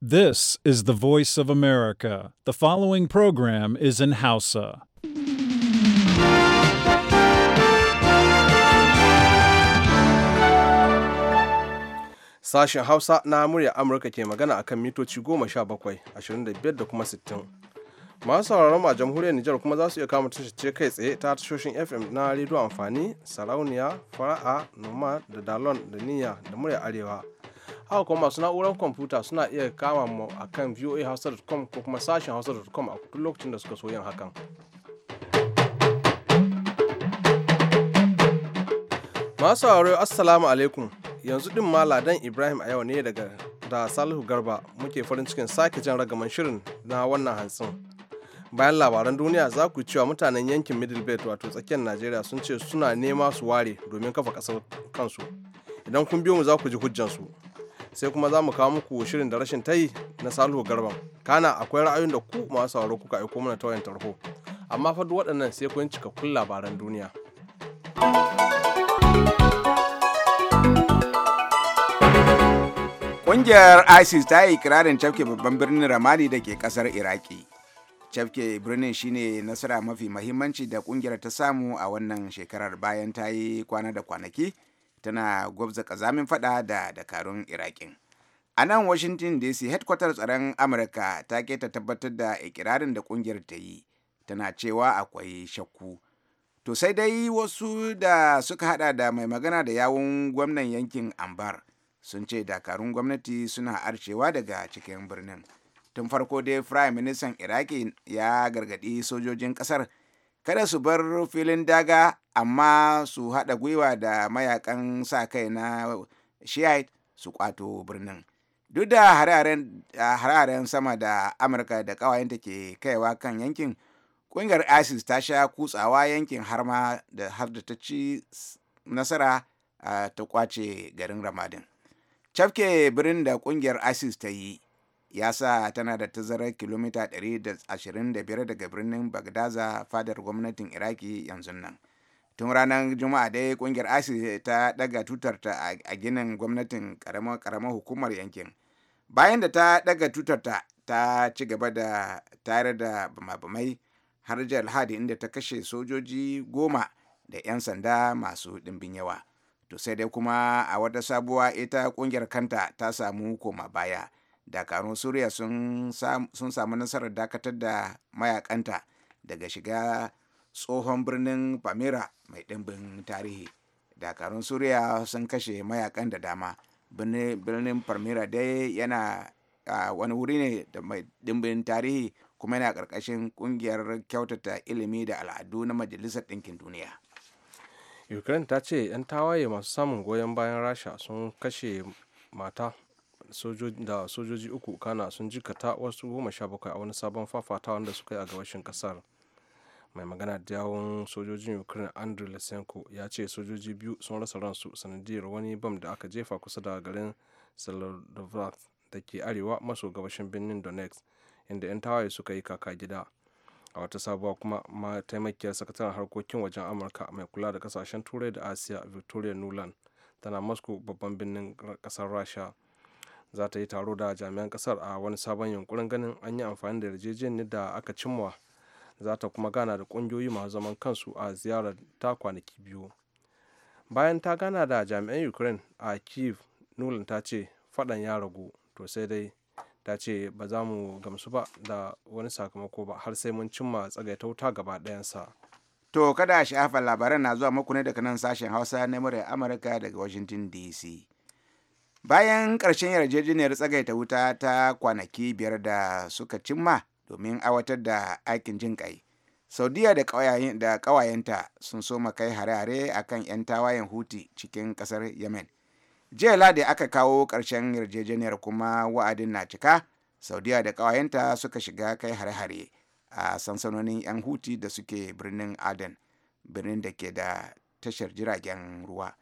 This is the voice of America. The following program is in Hausa. Sashen Hausa na murya Amurka ke magana a kan mitoci 17, 25 da kuma 60. Masu sauraron a jamhuriyar Nijar kuma za su iya kama tashar kai tsaye ta tashoshin FM na rediyo amfani, sarauniya, fara'a, noma da dalon da niyya da murya arewa. haka kuma masu na'urar kwamfuta suna iya kama mu a kan voahausa.com ko kuma sashen hausa.com a duk lokacin da suka so yin hakan masu sauraro assalamu alaikum yanzu din ma ladan ibrahim a yau ne daga da salihu garba muke farin cikin sake jan ragaman shirin na wannan hantsin bayan labaran duniya za ku cewa mutanen yankin middle belt wato tsakiyar najeriya sun ce suna nema su ware domin kafa kasar kansu idan kun biyo mu za ku ji hujjansu sai kuma za mu kawo muku shirin da rashin tayi na Salihu Garban. Kana akwai ra'ayoyin da ku masu sauraro kuka aiko mana ta wayan tarho. Amma fa duk waɗannan sai kun cikakkun labaran duniya. Ƙungiyar ISIS ta yi ikirarin cafke babban birnin Ramadi da ke ƙasar Iraki. Cafke birnin shine nasara mafi mahimmanci da ƙungiyar ta samu a wannan shekarar bayan ta yi kwana da kwanaki tana gwabza kazamin fada da dakarun iraƙin a nan washington dc headquarter tsaron amurka ta keta tabbatar da ikirarin da kungiyar ta yi tana cewa akwai shakku to sai dai wasu da suka hada da mai magana da yawun gwamnan yankin ambar sun ce dakarun gwamnati suna arcewa daga cikin birnin tun farko dai prime ministan iraki ya gargadi sojojin kasar kada su bar filin daga amma su haɗa gwiwa da mayakan sa kai na shiite su kwato birnin duk da hararen sama da amurka da ƙawayenta ke kaiwa kan yankin ƙungiyar isis ta sha kutsawa yankin har ma da har da ta ci nasara ta kwace garin ramadin cafke birnin da ƙungiyar isis ta yi ya sa tana da tazarar kilomita 125 daga birnin bagdaza fadar gwamnatin iraki yanzu nan tun ranar juma'a dai kungiyar asi ta daga tutarta a ginin gwamnatin karamar hukumar yankin bayan da ta daga tutarta ta ci gaba da tare da bamabamai har alhadi inda ta kashe sojoji goma da 'yan sanda masu ɗimbin yawa to sai dai kuma a wata sabuwa ita kungiyar kanta ta samu koma baya dakarun suriya sun samu nasarar dakatar da mayakanta daga shiga tsohon birnin pamira mai ɗimbin tarihi dakarun suriya sun kashe mayakan da dama birnin pamira dai yana wani wuri ne da mai ɗimbin tarihi kuma yana ƙarƙashin ƙungiyar kyautata ilimi da al'adu na majalisar ɗinkin duniya ukraine ta ce 'yan tawaye masu samun goyon bayan rasha sun kashe mata da sojoji uku kana sun jikata wasu goma sha bakwai a wani sabon fafatawa da suka yi a gabashin kasar mai magana da yawon sojojin ukraine andrew lesenko ya ce sojoji biyu sun rasa ransu sanadiyar wani bam da aka jefa kusa da garin selodovac da ke arewa maso gabashin birnin donetsk inda 'yan tawaye suka yi kaka gida a wata sabuwa kuma mataimakiyar sakataren harkokin wajen amurka mai kula da kasashen turai da asiya victoria nuland tana moscow babban birnin kasar rasha za ta yi taro da jami'an kasar a wani sabon yunkurin ganin an yi amfani da yarjejeniyar da aka cimma za ta kuma gana da kungiyoyi masu zaman kansu a ziyarar ta kwanaki biyu bayan ta gana da jami'an ukraine a kiev nolan ta ce fadan ya ragu to sai dai ta ce ba za mu gamsu ba da wani sakamako ba har sai mun cimma tsagaita wuta gaba ɗayansa to kada a labaran na zuwa muku ne daga nan sashen hausa na murya amurka daga washington dc bayan ƙarshen yarjejeniyar tsagaita wuta ta kwanaki biyar da suka cimma domin aiwatar da aikin jin ƙai saudiya da ƙawayenta sun soma kai hare-hare a kan 'yan tawayen huti cikin ƙasar yemen jiya ladi aka kawo ƙarshen yarjejeniyar kuma wa'adin na cika saudiya da ƙawayenta suka shiga kai hare-hare a sansanonin 'yan huti da suke birnin aden birnin da ke da tashar jiragen ruwa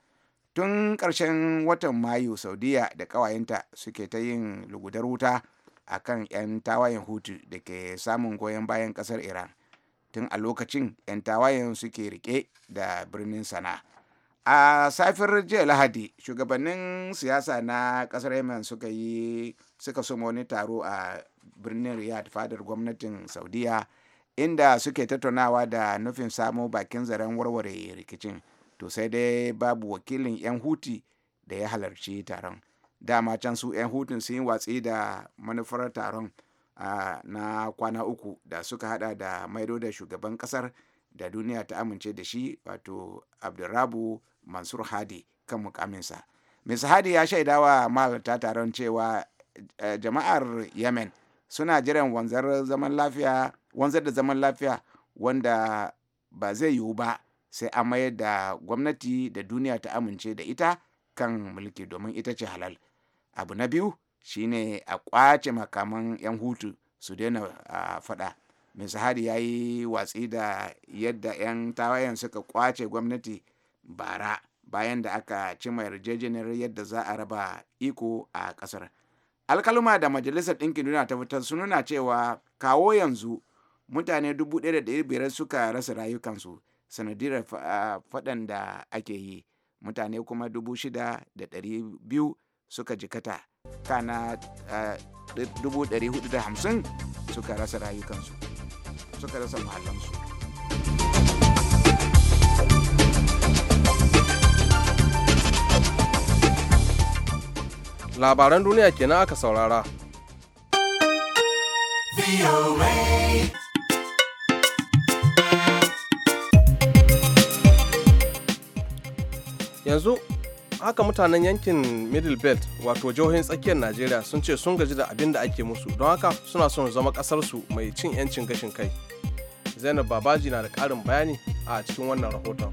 tun ƙarshen watan mayu saudiya da ƙawayenta suke ta yin lugudar wuta a kan 'yan tawayen hutu da ke samun goyon bayan ƙasar iran tun a lokacin 'yan tawayen suke rike da birnin sana a safin jiya lahadi shugabannin siyasa na ƙasar yemen suka yi suka soma wani taro a birnin riyadh fadar gwamnatin saudiya inda suke tattaunawa da nufin samo bakin zaren warware rikicin. to sai dai babu wakilin 'yan huti da ya halarci taron dama can su 'yan hutun sun yi watsi da manufar taron na kwana uku da suka hada da maido da shugaban kasar da duniya ta amince da shi wato abdurrabu mansur hadi kan mukaminsa ms hadi ya shaida wa malta taron cewa eh, jama'ar yemen suna jiran wanzar da zaman lafiya wanda ba zai yiwu ba sai a mayar da gwamnati da duniya ta amince da ita kan mulki domin ita ce halal abu na biyu shine a kwace makaman 'yan hutu su daina fada. mai sahari ya yi watsi da yadda 'yan tawayen suka kwace gwamnati bara bayan da aka cima yarjejeniyar yadda za a raba iko a kasar. alkaluma da majalisar ɗinkin duniya ta fitar sun nuna cewa kawo yanzu mutane 1,500 suka rasa rayukansu sanadiyar faɗan da ake yi mutane kuma dubu shida da ɗari biyu suka jikata kana dubu ɗari hudu da hamsin suka rasa rayukansu suka rasa muhallansu labaran duniya kenan aka saurara. yanzu haka mutanen yankin middle belt wato jihohin tsakiyar najeriya sun ce sun gaji da abin da ake musu don haka suna son zama kasarsu mai cin 'yancin gashin kai zainab babaji na da karin bayani a cikin wannan rahoton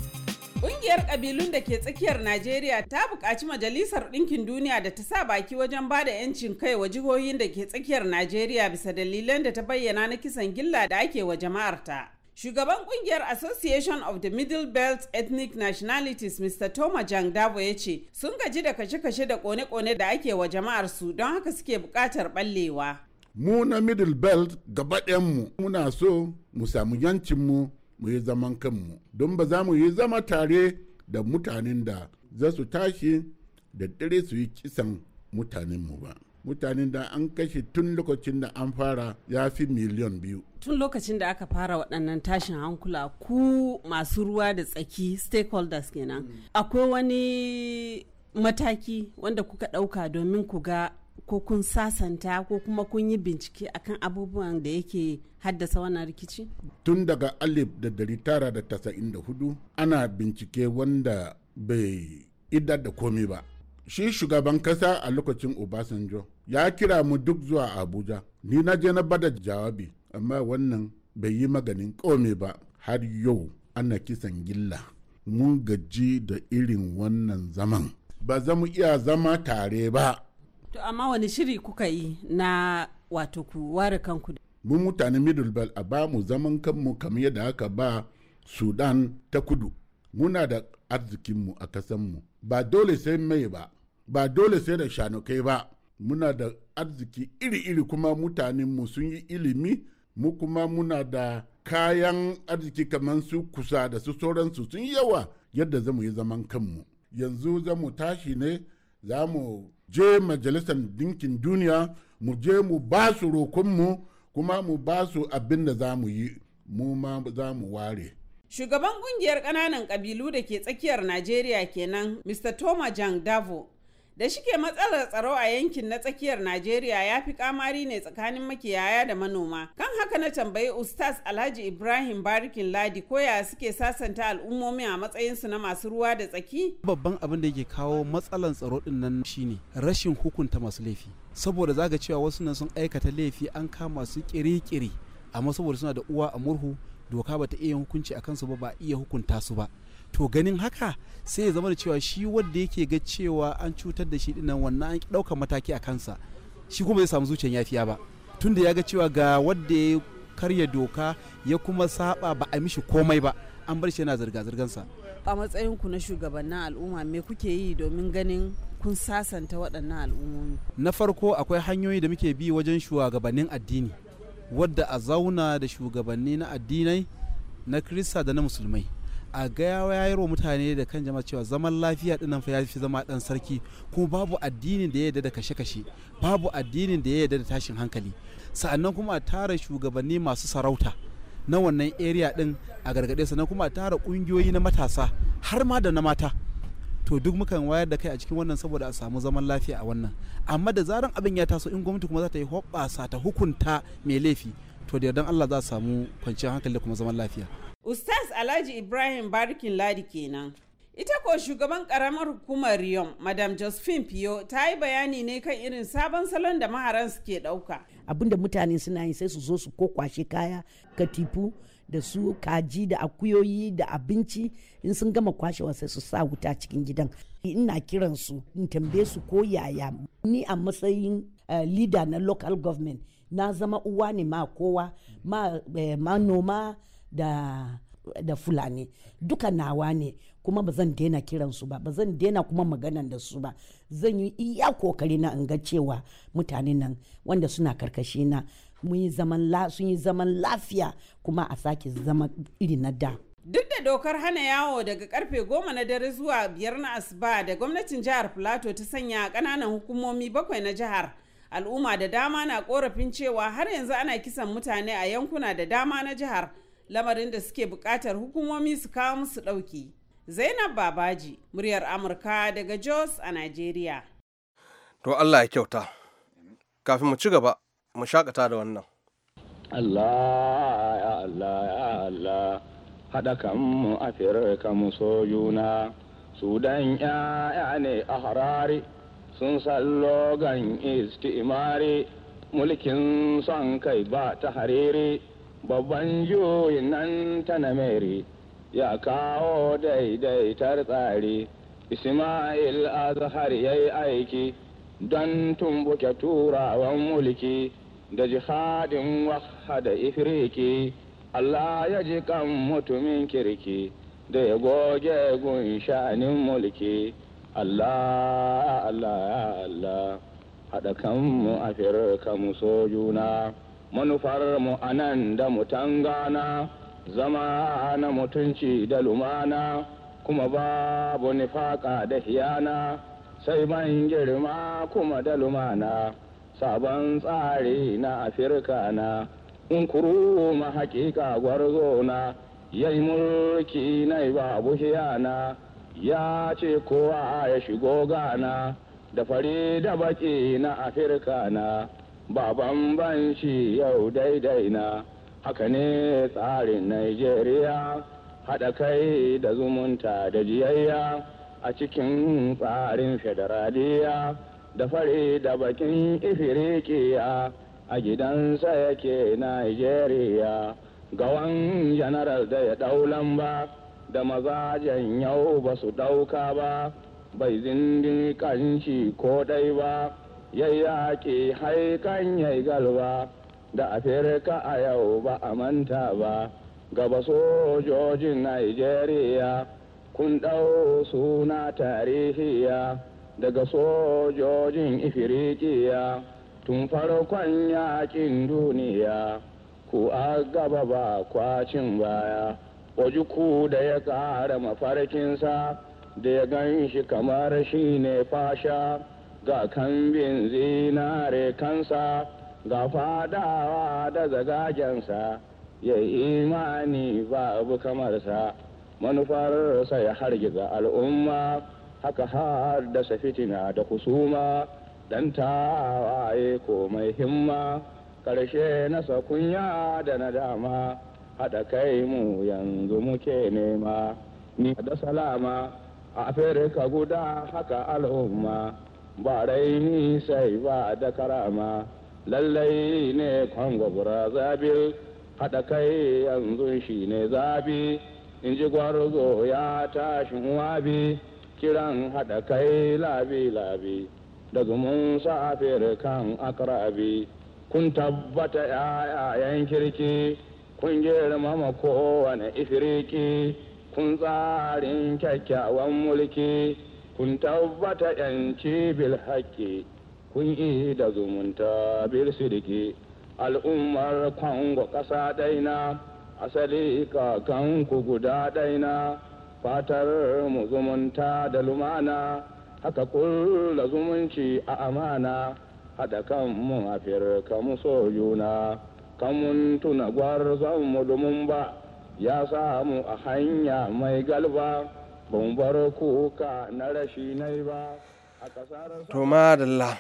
Ƙungiyar kabilun da ke tsakiyar Najeriya ta buƙaci Majalisar Ɗinkin Duniya da ta sa baki wajen ba da 'yancin kai wa jihohin da ke tsakiyar Najeriya bisa dalilan da ta bayyana na kisan gilla da ake wa jama'arta. Shugaban kungiyar Association of the Middle Belt Ethnic Nationalities Mr. Toma Jangdabo ya ce sun gaji da kashe-kashe da kone-kone da ake wa jama'ar su don haka suke bukatar ballewa. Mu na Middle Belt gaba mu muna so mu samu yancinmu mu yi zaman kanmu don ba za mu yi zama tare da mutanen da za su tashi da dare su yi kisan mutanenmu ba. mutanen da an kashe tun lokacin da an fara ya fi miliyan biyu tun lokacin da aka fara waɗannan tashin hankula ku masu ruwa da tsaki stakeholders kenan akwai wani mataki wanda kuka ɗauka domin ku ga ko kun sasanta ko kuma kun yi bincike akan abubuwan da yake haddasa wannan rikici? Tun daga alif da dari tara da tasa'in da hudu ana bincike wanda bai idar da komi ba. shi shugaban kasa a lokacin obasanjo ya kira mu duk zuwa abuja ni na je na bada jawabi amma wannan bai yi maganin kome ba har yau ana kisan gilla mun gaji da irin wannan zaman ba za mu iya zama tare ba to amma wani shiri kuka yi na wato ku ware kanku mu mutane middle belt a ba mu zaman kanmu kamar yadda haka ba sudan ta kudu muna da arzikinmu a kasanmu ba dole sai mai ba ba dole sai da shanukai ba muna da arziki iri-iri kuma mutanenmu sun yi ilimi mu kuma muna da kayan arziki kamar su kusa da su sauransu sun yawa yadda zamu yi zaman kanmu yanzu zamu tashi ne za mu je majalisar dinkin duniya mu je mu ba su rokunmu kuma mu ba su abin da za mu yi mu ma za mu ware Shugaban kungiyar ƙananan ƙabilu da ke tsakiyar Najeriya kenan, Mr. Toma Jang Davo. Da shike matsalar tsaro a yankin na tsakiyar Najeriya ya fi kamari ne tsakanin makiyaya da manoma. Kan haka na tambayi Ustaz Alhaji Ibrahim Barikin Ladi koya suke sasanta al'ummomi a matsayinsu na masu ruwa da tsaki. Babban abin da yake kawo matsalar tsaro din nan shine rashin hukunta masu laifi. Saboda zaga cewa wasu nan sun aikata laifi an kama su kiri-kiri amma saboda suna da uwa a murhu doka bata iya hukunci a kansu ba ba iya hukunta su ba to ganin haka sai ya zama da cewa shi wanda yake ga cewa an cutar da shi dinnan wannan an ɗaukar mataki a kansa shi kuma zai samu zuciyar yafiya ba tunda ya ga cewa ga wanda ya karya doka ya kuma saba ba a mishi komai ba an bar shi yana zirga-zirgansa a matsayin ku na shugabannin al'umma me kuke yi domin ganin kun sasanta waɗannan al'ummomi na farko akwai hanyoyi da muke bi wajen shugabannin addini wadda a zauna da shugabanni na addinai na krista da na musulmai a gaya ya wa mutane da kan jama'a cewa zaman lafiya dinan fa ya fi zama dan sarki kuma babu addinin da ya yarda da kashe-kashe babu addinin da ya yarda da tashin hankali sa'annan kuma a tara shugabanni masu sarauta na wannan area din a gargaɗe sannan kuma a tara ƙungiyoyi na matasa har ma da na mata to duk mukan wayar da kai a cikin wannan saboda a samu zaman lafiya a wannan amma da zaran abin ya taso in gwamnati kuma za ta yi hoɓɓasa ta hukunta mai laifi to da yardan Allah za a samu kwanciyar hankali da kuma zaman lafiya. Ustaz Alhaji Ibrahim barkin Ladi kenan. Ita ko shugaban karamar hukumar Riyom, Madam Josephine Pio, ta yi bayani ne kan irin sabon salon da maharan suke ɗauka. abin da mutane suna yi sai su zo su ko kwashe kaya, katifu, da su kaji da akuyoyi da abinci in sun gama kwashewa sai su sa wuta cikin gidan ina kiran su in tambaye su ko yaya ni a matsayin eh, leader na local government na zama uwa ne ma kowa ma eh, manoma da da fulani duka nawa ne kuma ba zan daina kiransu ba ba zan daina kuma maganan da su ba zan yi iya kokari na in ga cewa mutane nan wanda suna karkashi na mun yi zaman sun yi zaman lafiya kuma a sake zama iri na da Duk da dokar hana yawo daga karfe goma na dare zuwa biyar na asuba da gwamnatin jihar Filato ta sanya kananan hukumomi bakwai na jihar, al'umma da dama na korafin cewa har yanzu ana kisan mutane a yankuna da dama na jihar, lamarin da suke bukatar hukumomi su kawo musu dauki Zainab Babaji, muryar Amurka daga Jos a Najeriya. To Allah ya kyauta. Kafin mu ci gaba, mu shakata da wannan Allah ya Allah ya Allah haɗa kan mu afirka mu so juna sudan ya'ya ne a harare sun sallo gan isti'mari mulkin son kai ba ta harere babban juyin nan ta namere ya kawo daidaitar tsari ismail azhar ya yi aiki don tumbuke turawan mulki da jihadin da ifiriki Allah ya ji kan mutumin kirki da ya goge gun sha'anin mulki Allah Allah ya Allah haɗa kanmu a mu so juna manufar mu anan da mutangana zama na mutunci da lumana kuma babu nifaka da hiyana sai ban girma kuma da lumana sabon tsari na afirka na nkuruma hakika gwarzo na ya yi mulki na babu na ya ce kowa ya shigo gana da fari da baki na afirka na ba bambanci yau daidai na haka ne tsarin nigeria haɗa kai da zumunta da jiyayya a cikin tsarin federaliya da fare da bakin ifirikiya a gidansa yake Najeriya gawan janaral da ya ɗau lamba da mazajen yau ba su ɗauka ba bai zindi kanshi ko dai ba ya yaƙi haikan yai galba da afirka a yau ba a manta ba gaba sojojin Najeriya kun ɗau suna tarihiya daga sojojin ifirikiya tun farkon yakin duniya ku a gaba ba kwacin baya ku da ya kara mafarkinsa da ya gan shi kamar shi ne fasha ga kambin zinare kansa ga fadawa da zagajensa ya imani babu kamarsa manufarsa ya hargiza al'umma haka har haddasa fitina da kusuma dan tawaye ko mai himma ƙarshe na sakunya da na dama haɗa kai mu yanzu muke nema ni da salama a afirka guda haka al'umma ba raini sai ba da karama lallai ne kwango zabil haɗa kai yanzu shi ne zabi in ji gwarzo ya tashin wabi kiran haɗa kai labi-labi da zumun safir kan akrabi kun tabbata yayan kirki kun girmama kowane ifiriki kun tsarin kyakkyawan mulki kun tabbata yanci bil haƙƙi kun yi da zumunta bil sidiki al'ummar kwango ƙasa daina asali kakanku guda daina. fatar mu zumunta da lumana haka kulla zumunci a amana haɗa kan mu hafir mu so juna kan mun tuna gwarzon mu domin ba ya samu a hanya mai galba ban bar kuka na rashi nai ba a ƙasar to madalla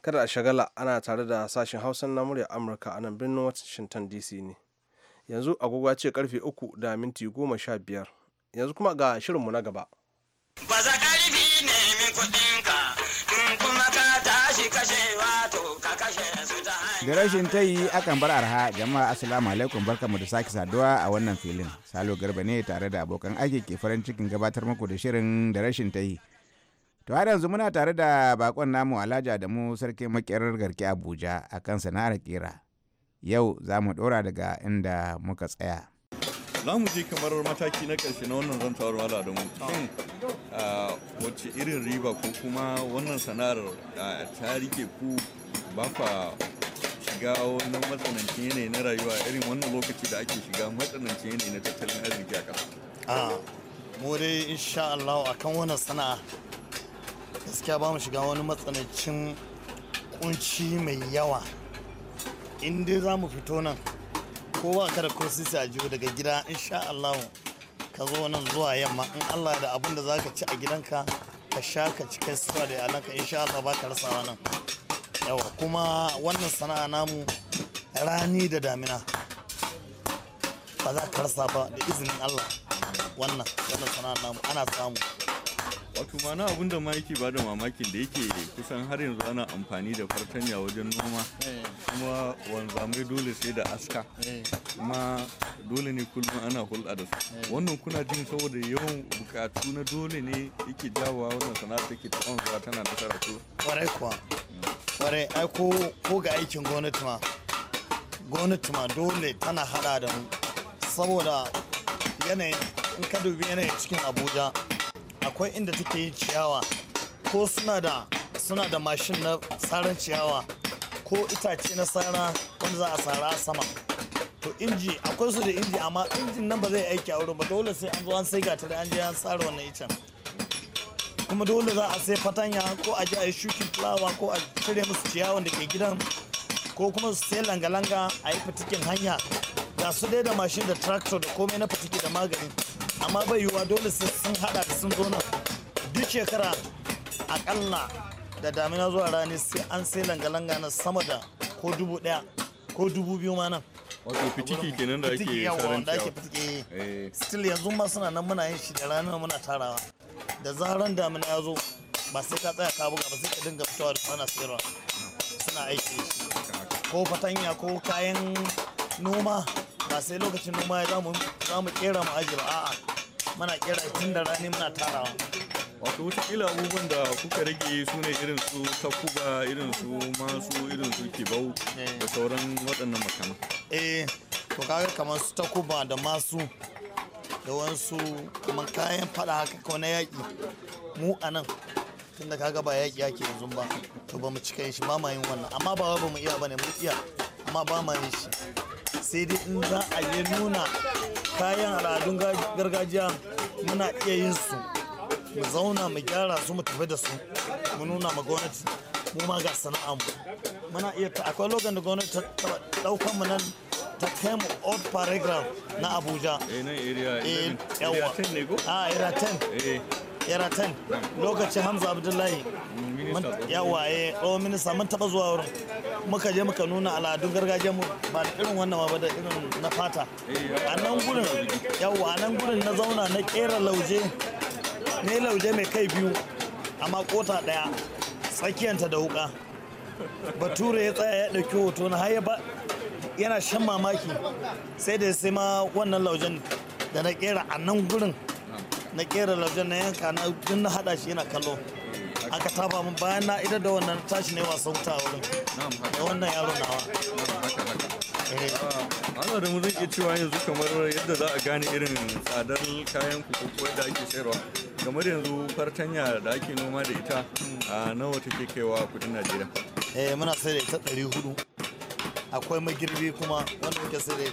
kada a shagala ana tare da sashen hausan na murya amurka a nan birnin washington dc ne yanzu agogo ce karfe uku da minti goma sha biyar yanzu kuma ga shirin mu na gaba. Da rashin ta yi akan bar arha jama'a assalamu alaikum barkamu da sake saduwa a wannan filin. Salo Garba ne tare da abokan aiki ke farin cikin gabatar muku da shirin da rashin ta yi. To har yanzu muna tare da bakon namu Alhaji Adamu sarki makerar garki Abuja akan sana'ar kera. Yau za mu ɗora daga inda muka tsaya. za mu je kamar mataki na ƙarshe na wannan zantawar malarinmu shin wacce irin riba ko kuma wannan sana'ar ta rike ku ba shiga wannan matsanancin yanayi na rayuwa irin wannan lokaci da ake shiga matsanancin yanayi na tattalin arziki a ƙasa mu dai insha Allah akan wannan sana'a gaskiya ba mu shiga wani matsanancin kunci mai yawa in dai za mu fito nan Kowa ba ka da ko sisi a daga gida insha Allah ka zo nan zuwa yamma in Allah da abin da zaka ci a gidanka ka sha ka ci kai sutura da in insha Allah ba ka rasa nan yawa kuma wannan sana'a namu rani da damina ba za ka rasa ba da izinin Allah wannan wannan sana'a namu ana samu wato ma na abun da ma yake da mamakin da yake kusan har yanzu ana amfani da fartanya wajen noma eh. kuma wanzamai dole sai da aska kuma eh. dole ne kullum ana hulɗa da su eh. wannan kuna jin saboda yawan bukatu na dole ne yake jawowa wannan sana'a take ta zuwa tana da to kwarai kuwa kwarai ai ko ga aikin gwamnati ma gwamnati ma dole tana hada da mu saboda yanayin in ka dubi yanayin cikin abuja akwai inda take yin ciyawa ko suna da suna da mashin na tsarin ciyawa ko itace na tsara wanda za a tsara sama to inji akwai su da inji amma injin nan ba zai aiki a wurin ba dole sai an zo an sai gata da an je an tsara wannan icen kuma dole za a sai fatanya ko a je a yi shukin fulawa ko a cire musu ciyawan da ke gidan ko kuma su sai langa-langa a yi fitikin hanya ga su dai da mashin da tractor da komai na fitiki da magani amma bai yiwuwa dole sun hada da sun zo nan duk shekara akalla da damina zuwa rani sai an sai langa-langa na sama da ko dubu daya ko dubu biyu ma nan wato fitiki kenan da ake saran da ake fitiki eh. still yanzu ma suna nan muna yin shi da rani muna tarawa da zaran damina ya zo ba sai ka tsaya ka buga ba sai ka dinga fitowa da ana sayarwa suna aiki ko fatanya ko kayan noma ba sai lokacin noma ya zamu kera mu aji ba a'a muna kira tun da rani muna tarawa wato wataƙila abubuwan da kuka rage su ne irin su takuba irin su masu irin su kibau eh. da sauran waɗannan makama eh to kaga kamar su takuba da masu da wasu kamar kayan fada haka ko na yaƙi mu a nan tun da kaga ba yaƙi yake yanzu ba to ba mu cika yin shi ba ma yin wannan amma ba ba mu iya ba ne mu iya amma ba ma yin shi sai dai in za a yi nuna kayan al'adun gargajiya muna iya yin su mu zauna mu gyara su mu tafi da su mu nuna ma gwamnati mu ma ga sana'a mu muna iya ta akwai lokacin da gwamnati ta ɗaukan mu nan ta kai mu old paragraph na abuja eh nan area eh, yara 10 ah, eh. lokacin hamza abdullahi yawa eh tsohon minista mun taba zuwa wurin muka je muka nuna al'adun gargajiyar mu ba da irin wannan ba da irin na fata a nan gurin yawa a nan gurin na zauna na kera lauje ne lauje mai kai biyu amma kota daya tsakiyanta da wuka bature ya tsaya ya ɗauki hoto na har ba yana shan mamaki sai da sai ma wannan laujen da na kera a nan gurin na kera laujen na yanka na hada shi yana kallo aka taba min bayan na idan da wannan tashi ne wasan wuta a wurin da wannan yaro nawa Ana da mu iya cewa yanzu kamar yadda za a gane irin tsadar kayan kuku da ake sayarwa kamar yanzu fartanya da ake noma da ita a ah, nawa take kaiwa a kudin Najeriya eh muna sai da ita 400 akwai magirbi kuma wanda muke sai da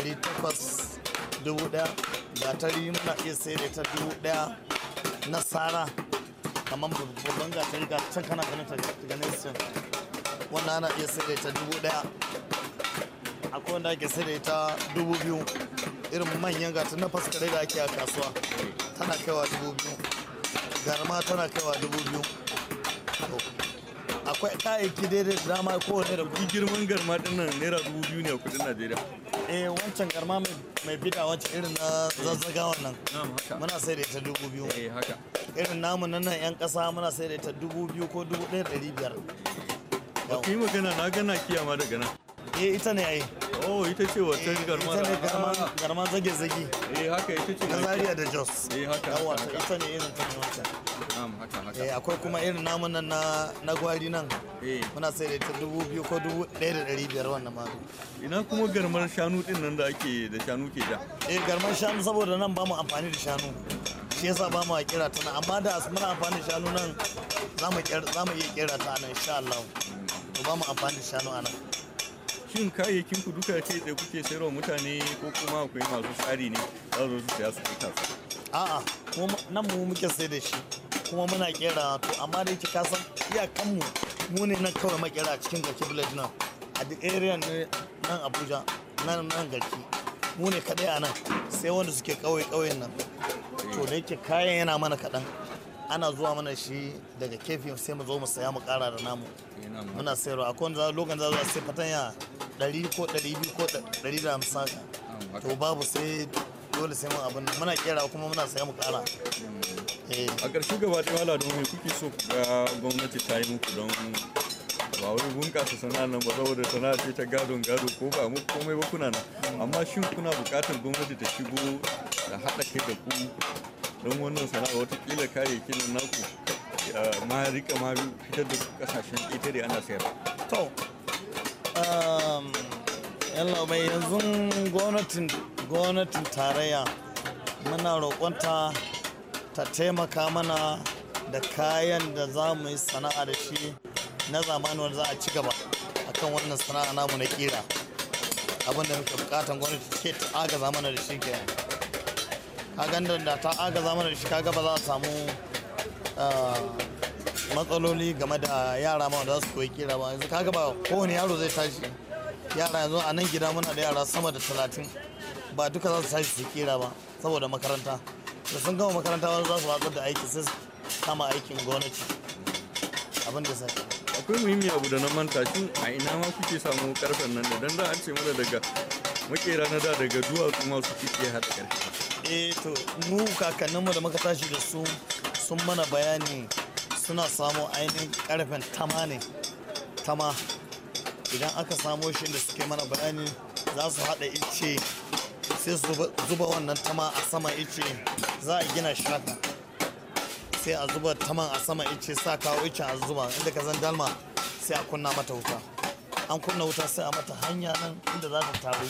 ita takwas dubu daya tari muna iya sai da ita dubu ɗaya na sara kamar babban riga can kana ganin ta ganin su wannan ana iya sai ta dubu daya akwai wanda ake sai ta dubu biyu irin manyan gatan na faskare da ake a kasuwa tana kaiwa dubu biyu garma tana kaiwa dubu biyu akwai kayayyaki daidai da dama kowane da girman garma dinnan naira dubu biyu ne a kudin najeriya eh wancan garma mai bida wancan irin na zazzaga wannan muna sai da ita dubu biyu eh, irin namu nan nan yan kasa muna sai da ita dubu biyu ko dubu ɗaya ɗari biyar ba ku yi magana na gana kiyama daga nan eh ita ne ai oh ita ce wata garma eh, ita ne garma zage zage eh haka ita ce na zaria da jos eh haka yawa ita ne irin ta wata na'am haka haka eh akwai kuma irin namun nan na na gwari nan eh muna sai da ita dubu biyu ko dubu ɗaya da ɗari biyar wannan ma ina kuma garmar shanu din nan da ake da shanu ke da eh garmar shanu saboda nan ba mu amfani da shanu shi yasa ba mu a kira ta nan amma da muna amfani da shanu nan za mu iya kira ta nan insha Allah ba mu amfani da shanu a nan shin kayayyakin ku duka kai da kuke sayarwa mutane ko kuma akwai masu tsari ne za su zo su saya su kai a'a nan mu muke sai da shi kuma muna kera to amma da yake kasan iyakan mu mu ne nan kawai makera a cikin garki village nan a duk area ne nan abuja nan nan garki mu ne kadai a nan sai wanda suke kauye kauyen nan to da yake kayan yana mana kaɗan ana zuwa mana shi daga kefi sai mu zo mu saya mu kara da namu muna sayarwa a wanda lokacin za zuwa sai fatanya 100 ko 200 ko 150 ah, to babu sai dole sai mun abin muna kera kuma muna saya mu kara mm. eh. a ƙarshe gaba ɗaya wala don kuke so ga gwamnati ta yi muku don ba wani bunƙasa sana'ar nan ba saboda sana'ar ce ta gadon gado ko ba mu komai ba kuna nan mm. amma shin kuna buƙatar gwamnati ta shigo da haɗa kai da ku don wannan sana'a watakila kayayyakin nan naku ma rika ma fitar da kasashen ƙetare ana sayar to um, yan mai yanzu gwamnatin tarayya muna roƙonta ta taimaka mana da kayan da za mu yi sana'a da shi na zamani wanda za a ci gaba akan wannan sana'a namu na kira abinda muke bukatan gwamnati ke ta ga zamanar da shi kenan kaga da ta agaza mana shi kaga ba za a samu ah, matsaloli game da yara ma za su koyi kira ba yanzu kaga ba kowane yaro zai tashi yara yanzu a nan gida muna da yara sama da talatin ba duka za su tashi su kira ba saboda makaranta da sun gama makaranta wani za su watsar da aiki sai kama aikin gwamnati abin da sai akwai muhimmi abu da na manta shi a ina ma kuke samu karfen nan da dan da an ce mana daga makera na da daga duwatsu masu kike haɗa karfe Eh to mu kakanninmu da muka tashi da su sun mana bayani suna samu ainihin karfin tama ne tama idan aka samo shi da suke mana bayani za su haɗa ice sai su zuba wannan tama a sama ice za a gina shaka sai a zuba taman a sama ice sa kawo ice a zuba inda ka zan dalma sai a kunna mata wuta an kunna wuta sai a mata hanya nan inda za ta taru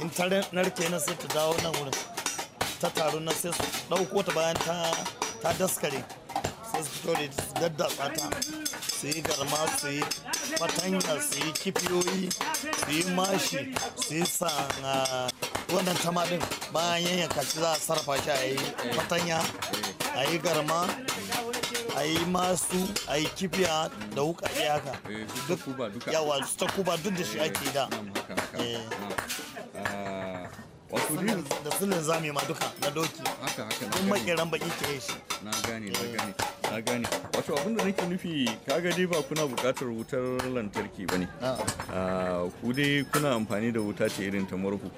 in na narke na sai ta dawo nan wurin ta taru na sai su dauko ta bayan ta daskare sai su fito da su daddatsa ta su yi garma su yi fatanya su yi kifiyoyi su yi mashi su yi sa ah, wannan tamadin bayan yanyanka shi za a sarrafa shi a yi fatanya a yi garma a yi masu a yi kifiya da wuka haka eh, yawa ta kuba duk da shi ake da eh, wato dai da sunan zame ma duka na doki haka haka na makiran baki ke shi na gane na eh. gane na gane wato abin da nake nufi kaga dai ba kuna buƙatar wutar lantarki bane a ah. ah, ku dai kuna amfani da wuta ce irin ta murhu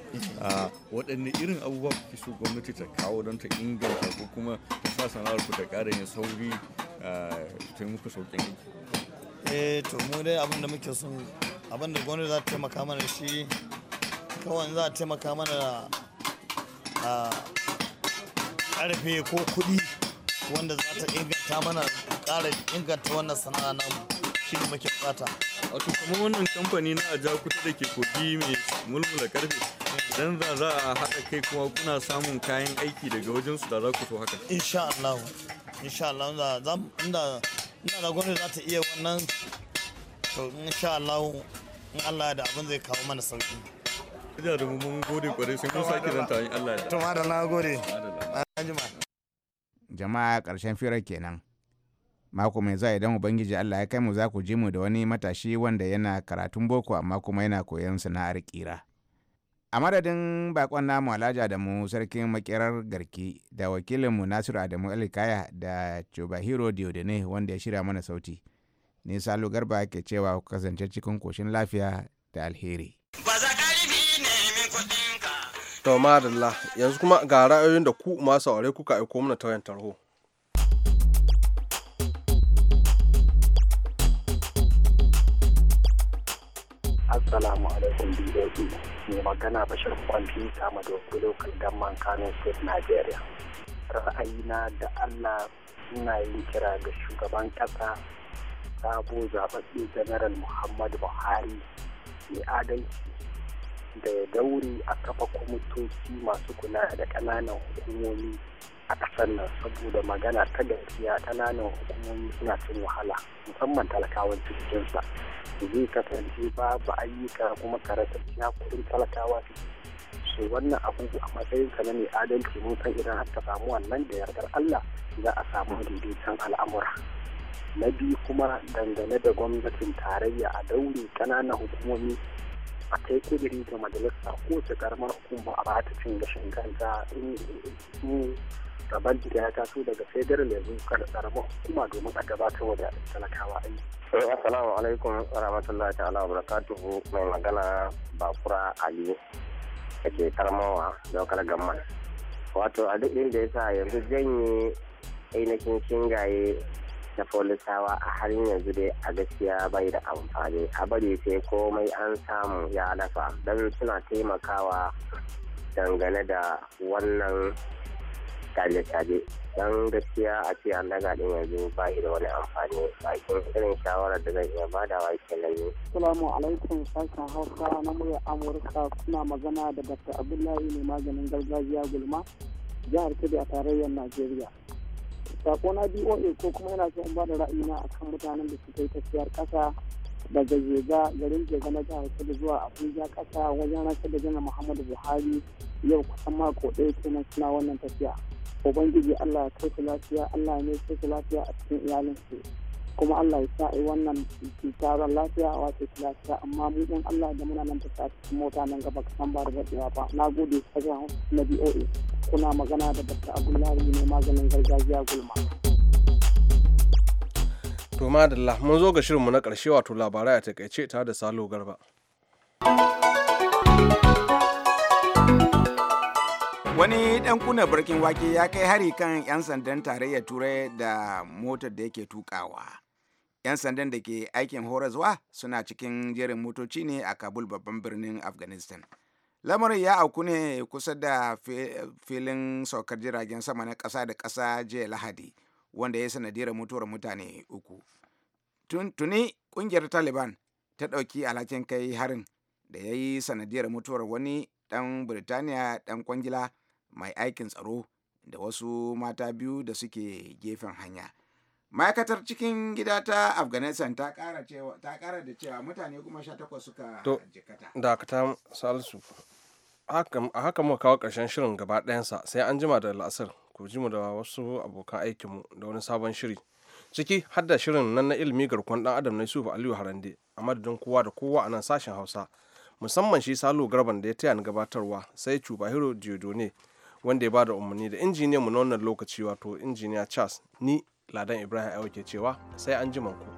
ah, waɗanne irin abubuwa kuke so gwamnati ta kawo don ta inganta ko kuma ta sa sana'ar ku ta ƙara yin sauri ta yi muku sauƙin eh to mu dai abin da muke son abin da gwamnati za ta taimaka mana shi kawai za a taimaka mana da karfe ko kuɗi wanda za ta inganta mana kara inganta wannan sana'a na shi ne muke fata wato kuma wannan kamfani na kuta da ke kogi mai mulmula karfe idan za a haɗa kai kuma kuna samun kayan aiki daga wajen su da za ku so haka insha Allah insha Allah za inda ina da gwamnati za ta iya wannan to insha Allah in Allah da abin zai kawo mana sauki ina da mun jama'a karshen firar kenan mako mai za idan ubangiji Allah ya kai mu za ku ji mu da wani matashi wanda yana karatun boko amma kuma yana koyon sana'ar ƙira. a madadin bakon namu alhaji adamu sarkin makerar garki da wakilinmu nasiru adamu alikaya da chubahiro diodene wanda ya shirya mana sauti ni salo garba ke cewa kasance cikin koshin lafiya da alheri To madalla yanzu kuma ga ra'ayoyin da ku masu aure kuka aiko mana ta wayan tarho. Assalamu alaikum BOE mai magana bashar kwamfuta madoku lokal gamman Kano State Nigeria. Ra'ayina da Allah suna yin kira ga shugaban kasa sabo zaɓaɓɓe General Muhammadu Buhari mai adalci da ya daure a kafa kwamitoci masu kula da ƙananan hukumomi a ƙasar nan saboda magana ta gaskiya ƙananan hukumomi suna cin wahala musamman talakawan cikinsa zai kasance babu ayyuka kuma karata ya kudin talakawa su wannan abu a matsayin sa na mai adalci mun san idan har ta samu wannan da yardar Allah za a samu daidaiton al'amura na biyu kuma dangane da gwamnatin tarayya a daure kananan hukumomi a kai kudiri ga majalisa ko ta karamar hukuma a ba ta cin gashin kanta in rabar da ya taso daga federal yanzu karamar hukuma domin a gabatar da talakawa aiki. Eh, assalamu alaikum rahmatullahi ta'ala wa barakatuhu mai magana Bakura Ali da ke karmawa daukar gamma Wato a duk inda ya sa yanzu janye ainihin shingaye na folisawa a har yanzu dai a gaskiya bai da amfani a bari sai komai an samu ya alafa don suna taimakawa dangane da wannan tale-tale don gaskiya a ce an daga din yanzu ba shi da wani amfani bakin irin shawarar da zai iya badawa ke ne. Salamu alaikum sashen Hausa na murya Amurka suna magana da Dr. Abdullahi ne maganin gargajiya gulma jihar Kebbi a tarayyar Najeriya. sako na BOA ko kuma yana son in ba da ra'ayi na akan mutanen da suka yi tafiyar kasa daga Jega garin Jega na jihar Kudu zuwa Abuja kasa wajen rantsar da janar Muhammadu Buhari yau kusan mako ɗaya kenan suna wannan tafiya. Ubangiji Allah ya kai su lafiya Allah ya ne kai su lafiya a cikin iyalinsu. kuma Allah ya sa a wannan taron lafiya a wace lafiya amma mu dan Allah da muna nan ta cikin mota nan gaba san ba da daɗewa ba na gode sashen na BOA kuna magana da Dr. Abdullahi ne maganin gargajiya gulma. To madalla mun zo ga shirinmu na karshe wato labarai a takaice ta da Salo Garba. Wani dan kuna barkin wake ya kai hari kan 'yan sandan tarayyar Turai da motar da yake tukawa. 'yan sandan da ke aikin horaswa suna cikin jerin motoci ne a kabul babban birnin afghanistan lamarin ya auku ne kusa da filin saukar jiragen sama na kasa da kasa jiya lahadi wanda ya sanadiyar mutuwar mutane uku tuni kungiyar taliban ta dauki alhakin kai harin da ya yi sanadiyar mutuwar wani dan birtaniya dan kwangila mai aikin tsaro da wasu mata biyu da suke gefen hanya ma'aikatar cikin gida ta afghanistan ta kara da cewa mutane kuma sha takwas suka jikata dakata salisu a haka muka kawo karshen shirin gaba ɗayansa sai an jima da la'asar ku ji mu da wasu abokan aikinmu da wani sabon shiri ciki har shirin nan na ilimi garkon dan adam na yusuf aliyu harande a madadin kowa da kowa a nan sashen hausa musamman shi salo garban da ya taya ni gabatarwa sai cubahiro ne wanda ya bada umarni da injiniyan mu na wannan lokaci wato injiniya charles ni Ladan Ibrahim Ayo ke cewa sai an ku.